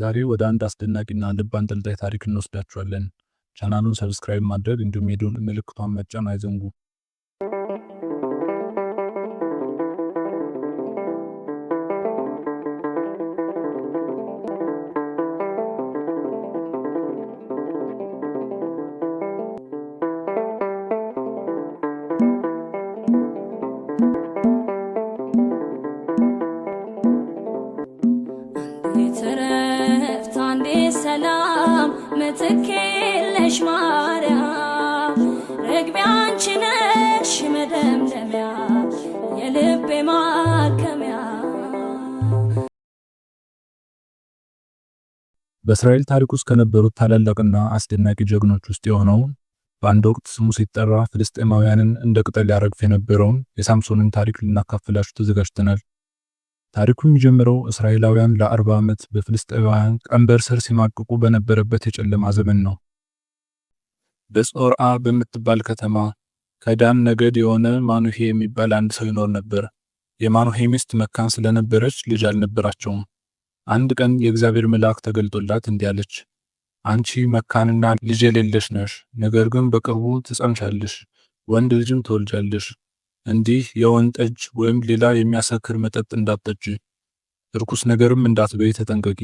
ዛሬ ወደ አንድ አስደናቂና ልብ አንጠልጣይ ታሪክ እንወስዳችኋለን። ቻናሉን ሰብስክራይብ ማድረግ እንዲሁም የደወል ምልክቷን መጫን አይዘንጉ። ልክለሽ ማርያም ረግቤ አንቺ ነሽ መደምደሚያ የልቤ ማከሚያ። በእስራኤል ታሪክ ውስጥ ከነበሩት ታላላቅና አስደናቂ ጀግኖች ውስጥ የሆነው በአንድ ወቅት ስሙ ሲጠራ ፍልስጤማውያንን እንደ ቅጠል ያረግፍ የነበረውን የሳምሶንን ታሪክ ልናካፍላችሁ ተዘጋጅተናል። ታሪኩ የሚጀምረው እስራኤላውያን ለአርባ ዓመት በፍልስጤማውያን ቀንበር ስር ሲማቅቁ በነበረበት የጨለማ ዘመን ነው። በጾርዓ በምትባል ከተማ ከዳን ነገድ የሆነ ማኑሄ የሚባል አንድ ሰው ይኖር ነበር። የማኑሄ ሚስት መካን ስለነበረች ልጅ አልነበራቸውም። አንድ ቀን የእግዚአብሔር መልአክ ተገልጦላት እንዲህ አለች፣ አንቺ መካንና ልጅ የሌለሽ ነሽ፣ ነገር ግን በቅርቡ ትጸንሻለሽ፣ ወንድ ልጅም ትወልጃለሽ እንዲህ የወይን ጠጅ ወይም ሌላ የሚያሰክር መጠጥ እንዳትጠጪ፣ ርኩስ ነገርም እንዳትበይ ተጠንቀቂ።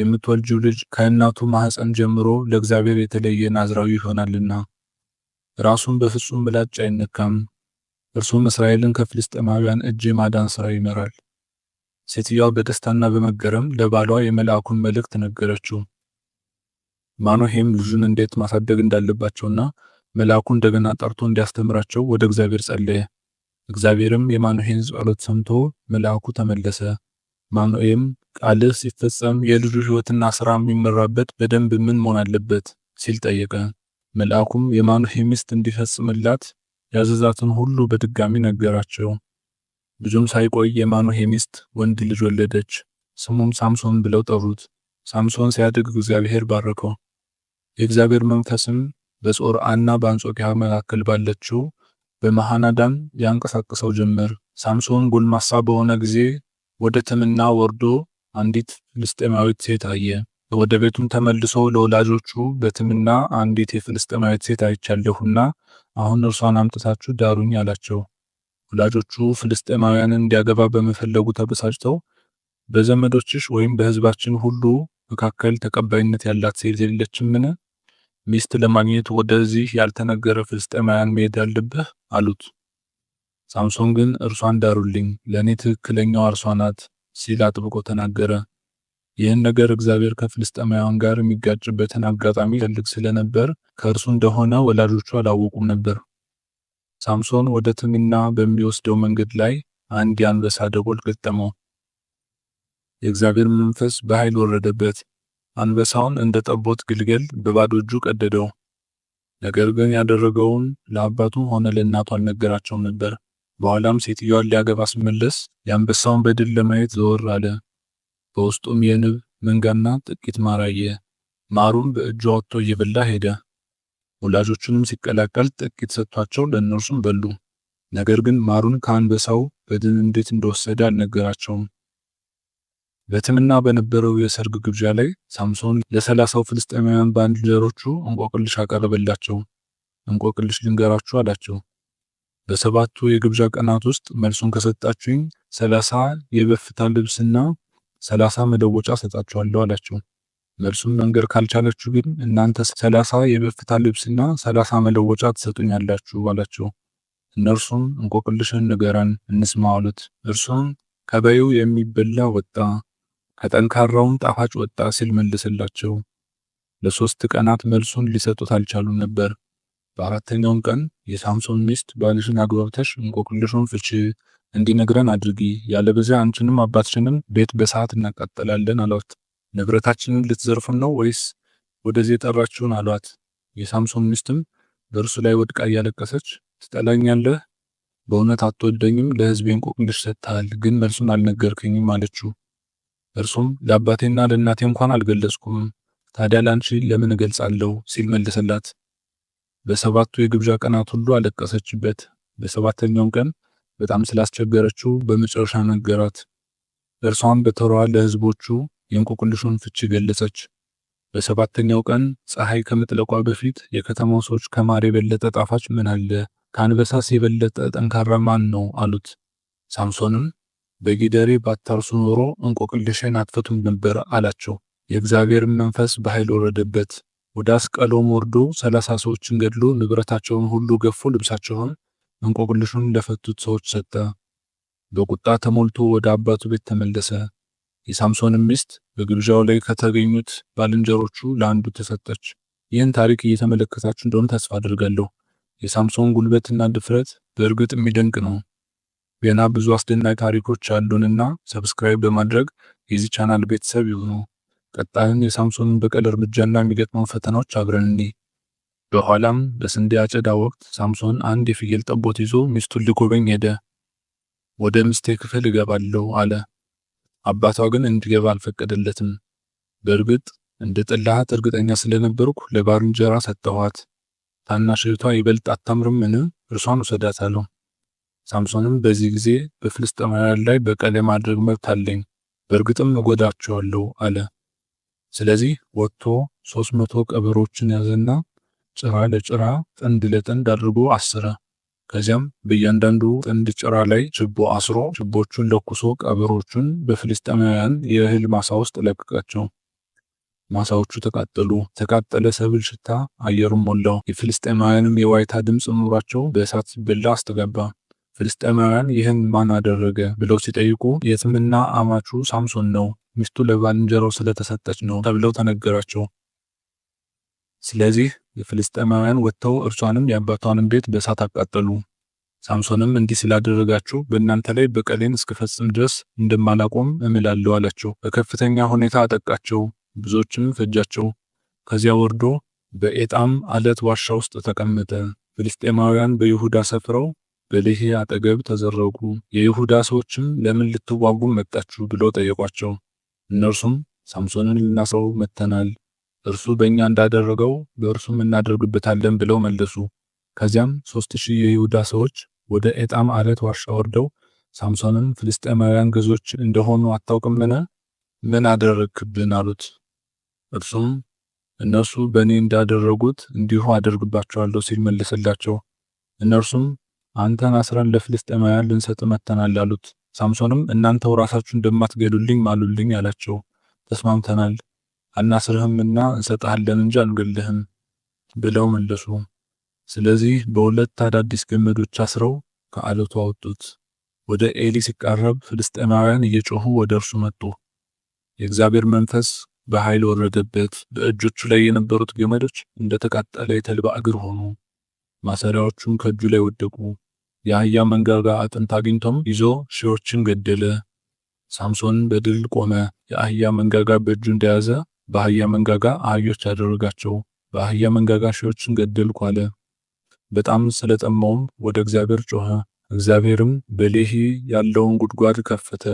የምትወልጂው ልጅ ከእናቱ ማህፀን ጀምሮ ለእግዚአብሔር የተለየ ናዝራዊ ይሆናልና ራሱን በፍጹም ምላጭ አይነካም። እርሱም እስራኤልን ከፍልስጤማውያን እጅ የማዳን ሥራ ይመራል። ሴትዮዋ በደስታና በመገረም ለባሏ የመልአኩን መልእክት ነገረችው። ማኖሄም ልጁን እንዴት ማሳደግ እንዳለባቸውና መልአኩ እንደገና ጠርቶ እንዲያስተምራቸው ወደ እግዚአብሔር ጸለየ። እግዚአብሔርም የማኑሄን ጸሎት ሰምቶ መልአኩ ተመለሰ። ማኑኤም ቃልህ ሲፈጸም የልጁ ሕይወትና ስራ የሚመራበት በደንብ ምን መሆን አለበት ሲል ጠየቀ። መልአኩም የማኑሄ ሚስት እንዲፈጽምላት ያዘዛትን ሁሉ በድጋሚ ነገራቸው። ብዙም ሳይቆይ የማኑሄ ሚስት ወንድ ልጅ ወለደች። ስሙም ሳምሶን ብለው ጠሩት። ሳምሶን ሲያድግ እግዚአብሔር ባረከው። የእግዚአብሔር መንፈስም በጾርዓና በአንጾኪያ መካከል ባለችው በመሃናዳም ያንቀሳቅሰው ጀመር። ሳምሶን ጎልማሳ በሆነ ጊዜ ወደ ትምና ወርዶ አንዲት ፍልስጤማዊት ሴት አየ። ወደ ቤቱም ተመልሶ ለወላጆቹ በትምና አንዲት የፍልስጤማዊት ሴት አይቻለሁና አሁን እርሷን አምጥታችሁ ዳሩኝ አላቸው። ወላጆቹ ፍልስጤማውያንን እንዲያገባ በመፈለጉ ተበሳጭተው በዘመዶችሽ ወይም በሕዝባችን ሁሉ መካከል ተቀባይነት ያላት ሴት የለችምን? ሚስት ለማግኘት ወደዚህ ያልተነገረ ፍልስጤማውያን መሄድ ያለብህ አሉት። ሳምሶን ግን እርሷን ዳሩልኝ፣ ለእኔ ትክክለኛው እርሷ ናት ሲል አጥብቆ ተናገረ። ይህን ነገር እግዚአብሔር ከፍልስጤማውያን ጋር የሚጋጭበትን አጋጣሚ ይፈልግ ስለነበር ከእርሱ እንደሆነ ወላጆቹ አላወቁም ነበር። ሳምሶን ወደ ትምና በሚወስደው መንገድ ላይ አንድ የአንበሳ ደቦል ገጠመው። የእግዚአብሔር መንፈስ በኃይል ወረደበት። አንበሳውን እንደ ጠቦት ግልገል በባዶ እጁ ቀደደው። ነገር ግን ያደረገውን ለአባቱ ሆነ ለእናቱ አልነገራቸውም ነበር። በኋላም ሴትዮዋን ሊያገባ ሲመለስ የአንበሳውን በድል ለማየት ዘወር አለ። በውስጡም የንብ መንጋና ጥቂት ማር አየ። ማሩም በእጁ አውጥቶ እየበላ ሄደ። ወላጆቹንም ሲቀላቀል ጥቂት ሰጥቷቸው ለእነርሱም በሉ። ነገር ግን ማሩን ከአንበሳው በድን እንዴት እንደወሰደ አልነገራቸውም። በትምና በነበረው የሰርግ ግብዣ ላይ ሳምሶን ለሰላሳው ፍልስጤማውያን ባልንጀሮቹ እንቆቅልሽ አቀረበላቸው። እንቆቅልሽ ልንገራችሁ አላቸው። በሰባቱ የግብዣ ቀናት ውስጥ መልሱን ከሰጣችሁኝ ሰላሳ የበፍታ ልብስና ሰላሳ መለወጫ ሰጣችኋለሁ አላቸው። መልሱን መንገር ካልቻለችሁ ግን እናንተ ሰላሳ የበፍታ ልብስና ሰላሳ መለወጫ ትሰጡኛላችሁ አላቸው። እነርሱም እንቆቅልሽን ንገረን እንስማ አሉት። እርሱም ከበዩ የሚበላ ወጣ፣ ከጠንካራውም ጣፋጭ ወጣ ሲል መለሰላቸው። ለሶስት ቀናት መልሱን ሊሰጡት አልቻሉም ነበር። በአራተኛውም ቀን የሳምሶን ሚስት ባልሽን አግባብተሽ እንቆቅልሹን ፍቺ እንዲነግረን አድርጊ፣ ያለበዚያ አንቺንም አባትሽንም ቤት በሰዓት እናቃጠላለን አሏት። ንብረታችንን ልትዘርፉን ነው ወይስ ወደዚህ የጠራችሁን አሏት። የሳምሶን ሚስትም በእርሱ ላይ ወድቃ እያለቀሰች ትጠላኛለህ፣ በእውነት አትወደኝም፣ ለህዝቤ እንቆቅልሽ ሰጥተሃል፣ ግን መልሱን አልነገርከኝም አለችው። እርሱም ለአባቴና ለእናቴ እንኳን አልገለጽኩም፣ ታዲያ ላንቺ ለምን እገልጻለሁ ሲል መለሰላት። በሰባቱ የግብዣ ቀናት ሁሉ አለቀሰችበት። በሰባተኛውም ቀን በጣም ስላስቸገረችው በመጨረሻ ነገራት። እርሷም በተሯ ለህዝቦቹ የእንቆቅልሹን ፍቺ ገለጸች። በሰባተኛው ቀን ፀሐይ ከመጥለቋ በፊት የከተማው ሰዎች ከማር የበለጠ ጣፋጭ ምን አለ? ከአንበሳስ የበለጠ ጠንካራ ማን ነው? አሉት። ሳምሶንም በጊደሬ ባታርሱ ኖሮ እንቆቅልሽን አትፈቱም ነበር አላቸው። የእግዚአብሔር መንፈስ በኃይል ወረደበት። ወደ አስቀሎም ወርዶ ሰላሳ ሰዎችን ገድሎ ንብረታቸውን ሁሉ ገፎ ልብሳቸውን እንቆቅልሹን ለፈቱት ሰዎች ሰጠ። በቁጣ ተሞልቶ ወደ አባቱ ቤት ተመለሰ። የሳምሶንም ሚስት በግብዣው ላይ ከተገኙት ባልንጀሮቹ ለአንዱ ተሰጠች። ይህን ታሪክ እየተመለከታችሁ እንደሆነ ተስፋ አድርጋለሁ። የሳምሶን ጉልበትና ድፍረት በእርግጥ የሚደንቅ ነው። ገና ብዙ አስደናቂ ታሪኮች አሉንና ሰብስክራይብ በማድረግ የዚህ ቻናል ቤተሰብ ይሁኑ። ቀጣይን የሳምሶንን በቀል እርምጃና የሚገጥመውን ፈተናዎች አብረን እንይ። በኋላም በስንዴ አጨዳ ወቅት ሳምሶን አንድ የፍየል ጠቦት ይዞ ሚስቱን ሊጎበኝ ሄደ። ወደ ምስቴ ክፍል እገባለሁ አለ። አባቷ ግን እንዲገባ አልፈቀደለትም። በእርግጥ እንደ ጠላሃት እርግጠኛ ስለነበርኩ ለባልንጀራ ሰጠኋት። ታናሽ እህቷ ይበልጥ አታምርምን? እርሷን ውሰዳት አለው። ሳምሶንም በዚህ ጊዜ በፍልስጥኤማውያን ላይ በቀል የማድረግ መብት አለኝ፣ በእርግጥም እጎዳቸዋለሁ አለ። ስለዚህ ወጥቶ ሶስት መቶ ቀበሮችን ያዘና ጭራ ለጭራ ጥንድ ለጥንድ አድርጎ አሰረ። ከዚያም በእያንዳንዱ ጥንድ ጭራ ላይ ችቦ አስሮ ችቦቹን ለኩሶ ቀበሮቹን በፍልስጥኤማውያን የእህል ማሳ ውስጥ ለቀቃቸው። ማሳዎቹ ተቃጠሉ። ተቃጠለ ሰብል ሽታ አየሩን ሞላው። የፍልስጥኤማውያንም የዋይታ ድምፅ ኑሯቸው በእሳት ሲበላ አስተጋባ። ፍልስጤማውያን ይህን ማን አደረገ ብለው ሲጠይቁ የትምና አማቹ ሳምሶን ነው፣ ሚስቱ ለባልንጀራው ስለተሰጠች ነው ተብለው ተነገራቸው። ስለዚህ የፍልስጤማውያን ወጥተው እርሷንም የአባቷንም ቤት በእሳት አቃጠሉ። ሳምሶንም እንዲህ ስላደረጋችሁ በእናንተ ላይ በቀሌን እስክፈጽም ድረስ እንደማላቆም እምላለሁ አላቸው። በከፍተኛ ሁኔታ አጠቃቸው፣ ብዙዎችም ፈጃቸው። ከዚያ ወርዶ በኤጣም አለት ዋሻ ውስጥ ተቀመጠ። ፍልስጤማውያን በይሁዳ ሰፍረው በሌሄ አጠገብ ተዘረጉ። የይሁዳ ሰዎችም ለምን ልትዋጉ መጣችሁ ብለው ጠየቋቸው። እነርሱም ሳምሶንን ልናስረው መጥተናል፣ እርሱ በእኛ እንዳደረገው በእርሱም እናደርግበታለን ብለው መለሱ። ከዚያም ሦስት ሺህ የይሁዳ ሰዎች ወደ ኤጣም አለት ዋሻ ወርደው ሳምሶንን ፍልስጤማውያን ገዞች እንደሆኑ አታውቅምን? ምን አደረግክብን? አሉት። እርሱም እነሱ በእኔ እንዳደረጉት እንዲሁ አደርግባቸዋለሁ ሲል መለሰላቸው። እነርሱም አንተን አስረን ለፍልስጤማውያን ልንሰጥ መጥተናል አሉት። ሳምሶንም እናንተው ራሳችሁ እንደማትገሉልኝ ማሉልኝ አላቸው። ተስማምተናል አናስርህምና እንሰጥሃለን እንጂ አንገልህም ብለው መለሱ። ስለዚህ በሁለት አዳዲስ ገመዶች አስረው ከአለቱ አወጡት። ወደ ኤሊ ሲቃረብ ፍልስጤማውያን እየጮሁ ወደ እርሱ መጡ። የእግዚአብሔር መንፈስ በኃይል ወረደበት። በእጆቹ ላይ የነበሩት ገመዶች እንደተቃጠለ የተልባ እግር ሆኑ። ማሰሪያዎቹም ከእጁ ላይ ወደቁ። የአህያ መንጋጋ አጥንት አግኝቶም ይዞ ሺዎችን ገደለ። ሳምሶን በድል ቆመ። የአህያ መንጋጋ በእጁ እንደያዘ በአህያ መንጋጋ አህዮች አደረጋቸው። በአህያ መንጋጋ ሺዎችን ገደልኩ አለ። በጣም ስለጠማውም ወደ እግዚአብሔር ጮኸ። እግዚአብሔርም በሌሂ ያለውን ጉድጓድ ከፈተ፣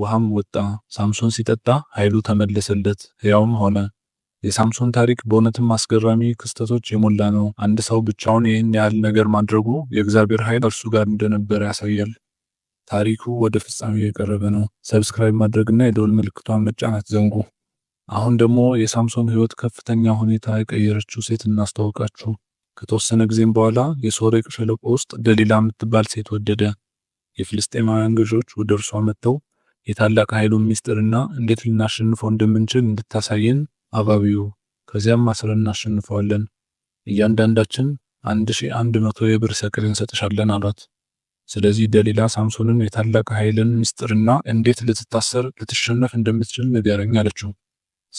ውሃም ወጣ። ሳምሶን ሲጠጣ ኃይሉ ተመለሰለት፣ ሕያውም ሆነ። የሳምሶን ታሪክ በእውነትም አስገራሚ ክስተቶች የሞላ ነው። አንድ ሰው ብቻውን ይህን ያህል ነገር ማድረጉ የእግዚአብሔር ኃይል እርሱ ጋር እንደነበረ ያሳያል። ታሪኩ ወደ ፍጻሜ የቀረበ ነው። ሰብስክራይብ ማድረግና የደወል ምልክቷን መጫን አትዘንጉ። አሁን ደግሞ የሳምሶን ሕይወት ከፍተኛ ሁኔታ የቀየረችው ሴት እናስተዋውቃችሁ። ከተወሰነ ጊዜም በኋላ የሶሬቅ ሸለቆ ውስጥ ደሊላ የምትባል ሴት ወደደ። የፍልስጤማውያን ገዢዎች ወደ እርሷ መጥተው የታላቅ ኃይሉን ምስጢርና እንዴት ልናሸንፈው እንደምንችል እንድታሳየን አባቢው ከዚያም አስረን እናሸንፈዋለን። እያንዳንዳችን አንድ ሺህ አንድ መቶ የብር ሰቅል እንሰጥሻለን አሏት። ስለዚህ ደሊላ ሳምሶንን የታላቅ ኃይልን ምስጢርና እንዴት ልትታሰር ልትሸነፍ እንደምትችል ንገረኝ አለችው።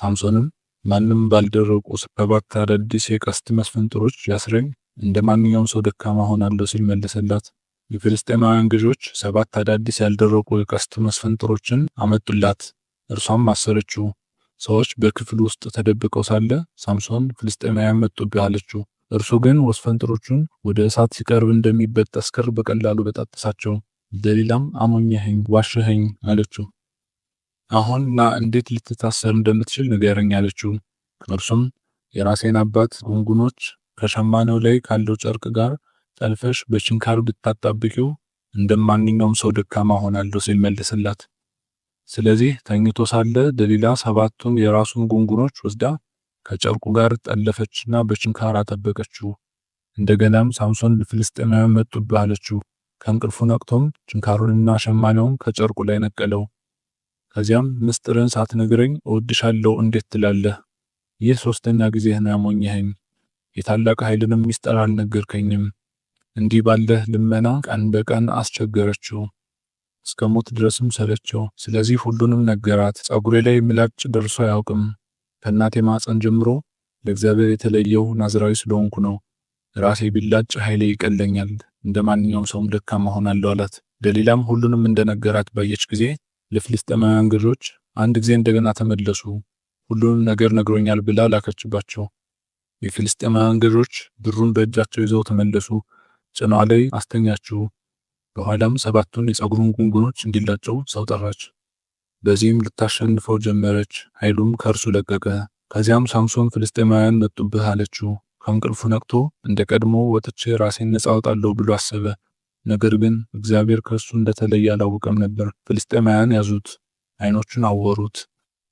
ሳምሶንም ማንም ባልደረቁ ሰባት አዳዲስ የቀስት መስፈንጥሮች ያስረኝ እንደ ማንኛውም ሰው ደካማ ሆናለሁ ሲል መለሰላት። የፍልስጤማውያን ገዦች ሰባት አዳዲስ ያልደረቁ የቀስት መስፈንጥሮችን አመጡላት። እርሷም አሰረችው። ሰዎች በክፍል ውስጥ ተደብቀው ሳለ ሳምሶን ፍልስጤማውያን መጡብህ አለችው። እርሱ ግን ወስፈንጥሮቹን ወደ እሳት ሲቀርብ እንደሚበጠስ ክር በቀላሉ በጣጠሳቸው። ደሊላም አሞኘህኝ፣ ዋሽህኝ አለችው። አሁን ና እንዴት ልትታሰር እንደምትችል ንገረኝ አለችው። እርሱም የራሴን አባት ጉንጉኖች ከሸማኔው ላይ ካለው ጨርቅ ጋር ጠልፈሽ በችንካር ብታጣብቂው እንደማንኛውም ሰው ደካማ ሆናለሁ ሲል መለሰላት። ስለዚህ ተኝቶ ሳለ ደሊላ ሰባቱን የራሱን ጉንጉኖች ወስዳ ከጨርቁ ጋር ጠለፈችና በችንካር አጠበቀችው። እንደገናም ሳምሶን ፍልስጤማውያን መጡብህ አለችው። ከእንቅልፉ ነቅቶም ችንካሩንና ሸማኔውን ከጨርቁ ላይ ነቀለው። ከዚያም ምስጢርን ሳትነግረኝ እወድሻለሁ እንዴት ትላለህ? ይህ ሶስተኛ ጊዜ ያሞኘኸኝ፣ የታላቅ ኃይልንም ሚስጥር አልነገርከኝም። እንዲህ ባለህ ልመና ቀን በቀን አስቸገረችው። እስከ ሞት ድረስም ሰለቸው። ስለዚህ ሁሉንም ነገራት። ጸጉሬ ላይ ምላጭ ደርሶ አያውቅም። ከእናቴ ማፀን ጀምሮ ለእግዚአብሔር የተለየው ናዝራዊ ስለሆንኩ ነው። ራሴ ቢላጭ ኃይሌ ይቀለኛል፣ እንደ ማንኛውም ሰውም ደካማ ሆናለሁ አላት። ደሊላም ሁሉንም እንደነገራት ባየች ጊዜ ለፍልስጥኤማውያን ገዦች አንድ ጊዜ እንደገና ተመለሱ፣ ሁሉንም ነገር ነግሮኛል ብላ ላከችባቸው። የፍልስጥኤማውያን ገዦች ብሩን በእጃቸው ይዘው ተመለሱ። ጭኗ ላይ አስተኛችሁ። በኋላም ሰባቱን የፀጉሩን ጉንጉኖች እንዲላጨው ሰው ጠራች። በዚህም ልታሸንፈው ጀመረች። ኃይሉም ከእርሱ ለቀቀ። ከዚያም ሳምሶን ፍልስጤማውያን መጡብህ አለችው። ከእንቅልፉ ነቅቶ እንደ ቀድሞ ወጥቼ ራሴን ነፃ ብሎ አሰበ። ነገር ግን እግዚአብሔር ከእሱ እንደተለየ አላወቀም ነበር። ፍልስጤማውያን ያዙት፣ አይኖቹን አወሩት፣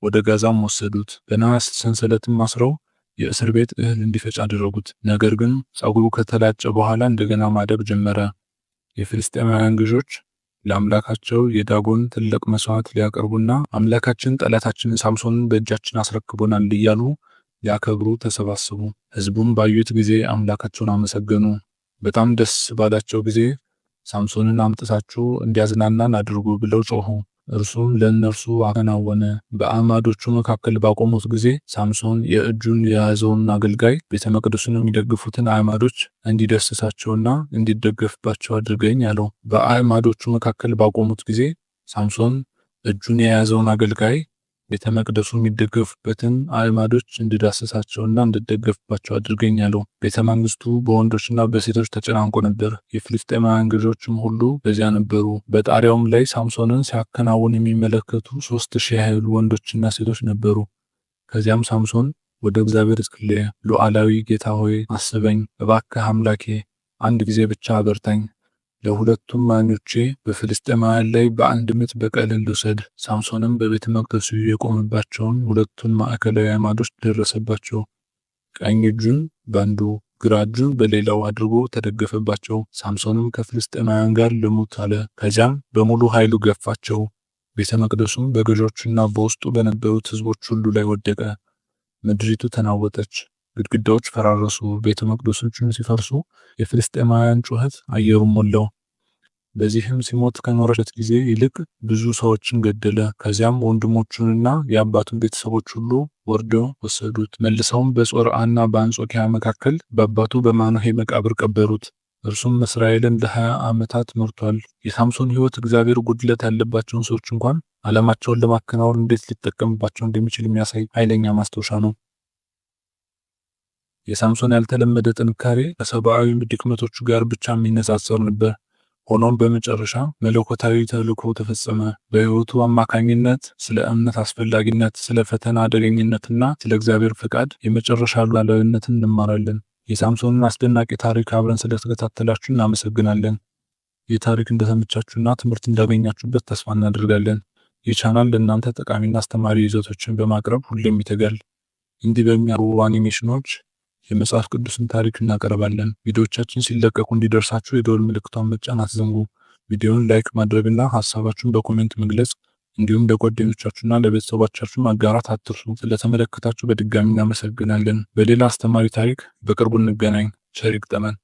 ወደ ጋዛም ወሰዱት። በነሐስ ሰንሰለትም አስረው የእስር ቤት እህል እንዲፈጭ አደረጉት። ነገር ግን ፀጉሩ ከተላጨ በኋላ እንደገና ማደግ ጀመረ። የፍልስጤማውያን ግዦች ለአምላካቸው የዳጎን ትልቅ መስዋዕት ሊያቀርቡና አምላካችን ጠላታችን ሳምሶንን በእጃችን አስረክቦናል እያሉ ሊያከብሩ ተሰባሰቡ። ህዝቡም ባዩት ጊዜ አምላካቸውን አመሰገኑ። በጣም ደስ ባላቸው ጊዜ ሳምሶንን አምጥታችሁ እንዲያዝናናን አድርጉ ብለው ጮኹ። እርሱም ለእነርሱ አከናወነ። በአማዶቹ መካከል ባቆሙት ጊዜ ሳምሶን የእጁን የያዘውን አገልጋይ ቤተ መቅደሱን የሚደግፉትን አዕማዶች እንዲደስሳቸውና እንዲደገፍባቸው አድርገኝ አለው። በአዕማዶቹ መካከል ባቆሙት ጊዜ ሳምሶን እጁን የያዘውን አገልጋይ ቤተ መቅደሱ የሚደገፉበትን አልማዶች እንድዳሰሳቸውና እንድደገፍባቸው አድርገኛለሁ። ቤተ መንግስቱ በወንዶችና በሴቶች ተጨናንቆ ነበር። የፍልስጤማውያን ገዦችም ሁሉ በዚያ ነበሩ። በጣሪያውም ላይ ሳምሶንን ሲያከናውን የሚመለከቱ ሶስት ሺህ ያህል ወንዶችና ሴቶች ነበሩ። ከዚያም ሳምሶን ወደ እግዚአብሔር እስክሌ ሉዓላዊ ጌታ ሆይ አስበኝ፣ እባክህ አምላኬ አንድ ጊዜ ብቻ አበርታኝ ለሁለቱም ማኞቼ በፍልስጤማውያን ላይ በአንድ ምት በቀል ልውሰድ። ሳምሶንም በቤተ መቅደሱ የቆመባቸውን ሁለቱን ማዕከላዊ አዕማዶች ደረሰባቸው። ቀኝ እጁን በአንዱ ግራ እጁን በሌላው አድርጎ ተደገፈባቸው። ሳምሶንም ከፍልስጤማውያን ጋር ልሙት አለ። ከዚያም በሙሉ ኃይሉ ገፋቸው። ቤተ መቅደሱም በገዦቹና በውስጡ በነበሩት ሕዝቦች ሁሉ ላይ ወደቀ። ምድሪቱ ተናወጠች። ግድግዳዎች ፈራረሱ፣ ቤተ መቅደሶችን ሲፈርሱ የፍልስጤማውያን ጩኸት አየሩን ሞላው። በዚህም ሲሞት ከኖረበት ጊዜ ይልቅ ብዙ ሰዎችን ገደለ። ከዚያም ወንድሞቹንና የአባቱን ቤተሰቦች ሁሉ ወርደው ወሰዱት። መልሰውም በጾርዓና በአንጾኪያ መካከል በአባቱ በማኖሄ መቃብር ቀበሩት። እርሱም እስራኤልን ለሀያ ዓመታት መርቷል። የሳምሶን ሕይወት እግዚአብሔር ጉድለት ያለባቸውን ሰዎች እንኳን ዓላማቸውን ለማከናወን እንዴት ሊጠቀምባቸው እንደሚችል የሚያሳይ ኃይለኛ ማስታወሻ ነው። የሳምሶን ያልተለመደ ጥንካሬ ከሰብአዊ ድክመቶቹ ጋር ብቻ የሚነጻጸር ነበር። ሆኖም በመጨረሻ መለኮታዊ ተልእኮ ተፈጸመ። በሕይወቱ አማካኝነት ስለ እምነት አስፈላጊነት፣ ስለ ፈተና አደገኝነትና ስለ እግዚአብሔር ፍቃድ የመጨረሻ ሉዓላዊነትን እንማራለን። የሳምሶንን አስደናቂ ታሪክ አብረን ስለተከታተላችሁ እናመሰግናለን። ይህ ታሪክ እንደተመቻችሁና ትምህርት እንዳገኛችሁበት ተስፋ እናደርጋለን። ይህ ቻናል ለእናንተ ጠቃሚና አስተማሪ ይዘቶችን በማቅረብ ሁሌም ይተጋል። እንዲህ በሚያሩ አኒሜሽኖች የመጽሐፍ ቅዱስን ታሪክ እናቀርባለን። ቪዲዮቻችን ሲለቀቁ እንዲደርሳችሁ የደወል ምልክቷን መጫን አትዘንጉ። ቪዲዮውን ላይክ ማድረግና ሀሳባችሁን በኮሜንት መግለጽ እንዲሁም ለጓደኞቻችሁና ለቤተሰቦቻችሁ ማጋራት አትርሱ። ስለተመለከታችሁ በድጋሚ እናመሰግናለን። በሌላ አስተማሪ ታሪክ በቅርቡ እንገናኝ። ቸር ይግጠመን።